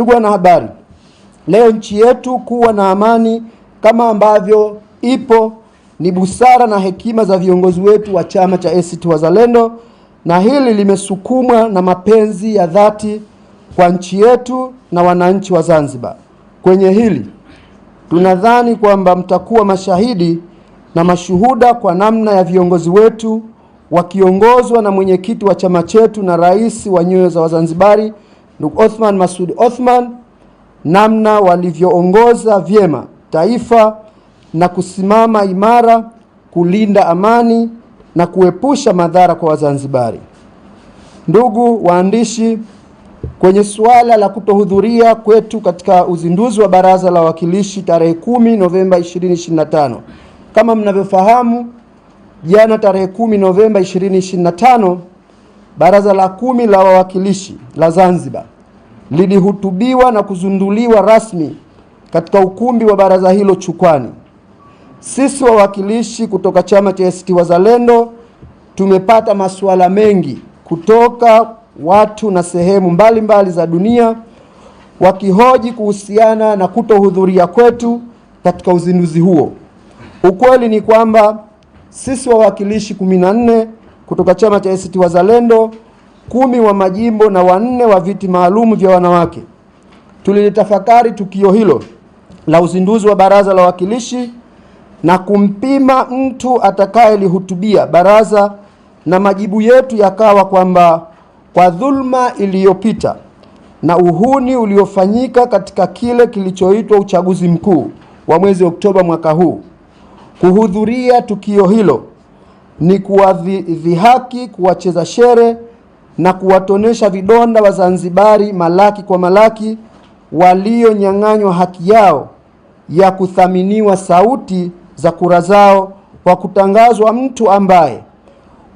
Ndugu wanahabari, leo nchi yetu kuwa na amani kama ambavyo ipo ni busara na hekima za viongozi wetu wa chama cha ACT Wazalendo, na hili limesukumwa na mapenzi ya dhati kwa nchi yetu na wananchi wa Zanzibar. Kwenye hili tunadhani kwamba mtakuwa mashahidi na mashuhuda kwa namna ya viongozi wetu wakiongozwa na mwenyekiti wa chama chetu na rais wa nyoyo za Wazanzibari ndugu Othman Masud Othman namna walivyoongoza vyema taifa na kusimama imara kulinda amani na kuepusha madhara kwa Wazanzibari. Ndugu waandishi, kwenye suala la kutohudhuria kwetu katika uzinduzi wa Baraza la Wawakilishi tarehe 10 Novemba 2025, kama mnavyofahamu, jana tarehe 10 Novemba 2025 Baraza la kumi la Wawakilishi la Zanzibar lilihutubiwa na kuzunduliwa rasmi katika ukumbi wa baraza hilo Chukwani. Sisi wawakilishi kutoka chama cha ACT Wazalendo tumepata masuala mengi kutoka watu na sehemu mbalimbali mbali za dunia wakihoji kuhusiana na kutohudhuria kwetu katika uzinduzi huo. Ukweli ni kwamba sisi wawakilishi 14 kutoka chama cha ACT Wazalendo kumi wa majimbo na wanne wa viti maalum vya wanawake. Tulilitafakari tukio hilo la uzinduzi wa baraza la wawakilishi na kumpima mtu atakayelihutubia baraza, na majibu yetu yakawa kwamba kwa dhulma iliyopita na uhuni uliofanyika katika kile kilichoitwa uchaguzi mkuu wa mwezi Oktoba mwaka huu, kuhudhuria tukio hilo ni kuwadhihaki, kuwacheza shere na kuwatonesha vidonda Wazanzibari malaki kwa malaki walionyang'anywa haki yao ya kuthaminiwa sauti za kura zao kwa kutangazwa mtu ambaye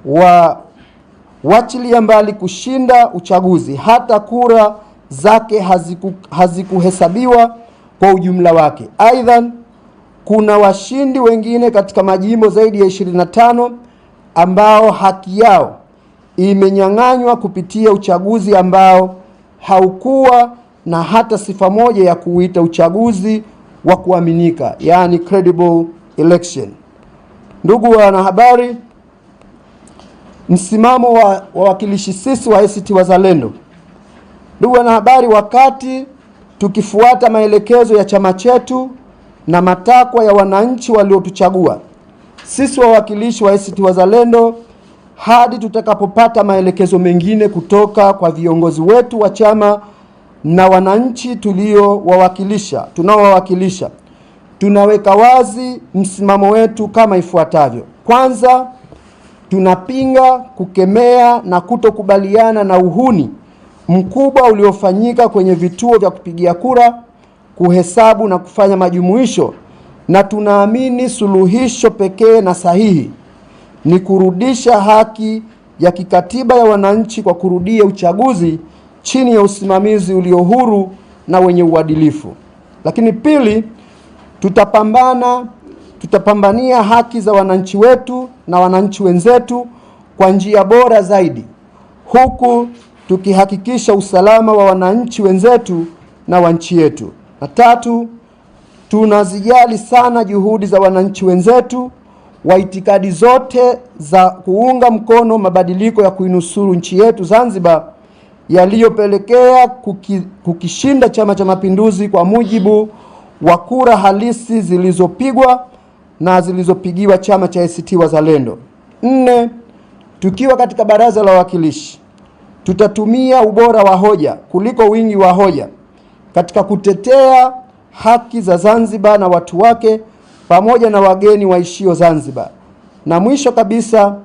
wa wachilia mbali kushinda uchaguzi hata kura zake haziku, hazikuhesabiwa kwa ujumla wake. Aidha, kuna washindi wengine katika majimbo zaidi ya 25 ambao haki yao imenyang'anywa kupitia uchaguzi ambao haukuwa na hata sifa moja ya kuuita uchaguzi wa kuaminika, yani credible election. Ndugu wanahabari, msimamo wa wawakilishi sisi wa ACT Wazalendo. Ndugu wanahabari, wakati tukifuata maelekezo ya chama chetu na matakwa ya wananchi waliotuchagua sisi wawakilishi wa ACT Wazalendo hadi tutakapopata maelekezo mengine kutoka kwa viongozi wetu wa chama na wananchi tuliowawakilisha tunaowawakilisha. Tunaweka wazi msimamo wetu kama ifuatavyo: kwanza, tunapinga, kukemea na kutokubaliana na uhuni mkubwa uliofanyika kwenye vituo vya kupigia kura, kuhesabu na kufanya majumuisho, na tunaamini suluhisho pekee na sahihi ni kurudisha haki ya kikatiba ya wananchi kwa kurudia uchaguzi chini ya usimamizi ulio huru na wenye uadilifu. Lakini pili, tutapambana tutapambania haki za wananchi wetu na wananchi wenzetu kwa njia bora zaidi, huku tukihakikisha usalama wa wananchi wenzetu na wa nchi yetu. Na tatu, tunazijali sana juhudi za wananchi wenzetu wa itikadi zote za kuunga mkono mabadiliko ya kuinusuru nchi yetu Zanzibar yaliyopelekea kuki, kukishinda Chama cha Mapinduzi kwa mujibu wa kura halisi zilizopigwa na zilizopigiwa chama cha ACT Wazalendo. Nne, tukiwa katika Baraza la Wawakilishi tutatumia ubora wa hoja kuliko wingi wa hoja katika kutetea haki za Zanzibar na watu wake pamoja na wageni waishio Zanzibar. Na mwisho kabisa,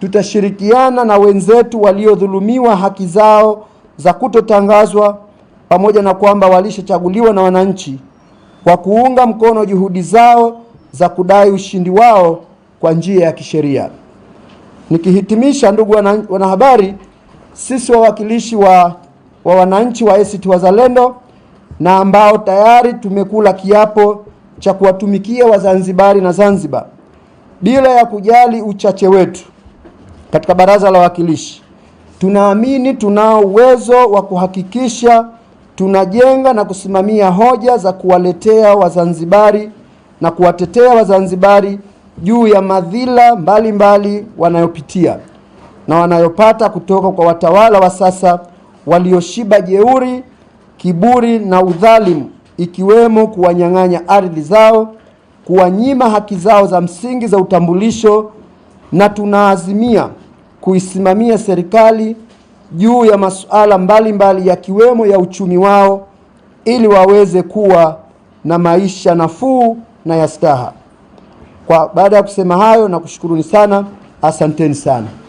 tutashirikiana na wenzetu waliodhulumiwa haki zao za kutotangazwa, pamoja na kwamba walishachaguliwa na wananchi, kwa kuunga mkono juhudi zao za kudai ushindi wao kwa njia ya kisheria. Nikihitimisha, ndugu wanahabari, sisi wawakilishi wa, wa wananchi wa ACT Wazalendo na ambao tayari tumekula kiapo cha kuwatumikia Wazanzibari na Zanzibar bila ya kujali uchache wetu katika Baraza la Wawakilishi. Tunaamini tunao uwezo wa kuhakikisha tunajenga na kusimamia hoja za kuwaletea Wazanzibari na kuwatetea Wazanzibari juu ya madhila mbalimbali mbali wanayopitia na wanayopata kutoka kwa watawala wa sasa walioshiba jeuri, kiburi na udhalimu ikiwemo kuwanyang'anya ardhi zao, kuwanyima haki zao za msingi za utambulisho, na tunaazimia kuisimamia serikali juu ya masuala mbalimbali yakiwemo ya uchumi wao ili waweze kuwa na maisha nafuu na ya staha. Kwa baada ya kusema hayo, na kushukuruni sana, asanteni sana.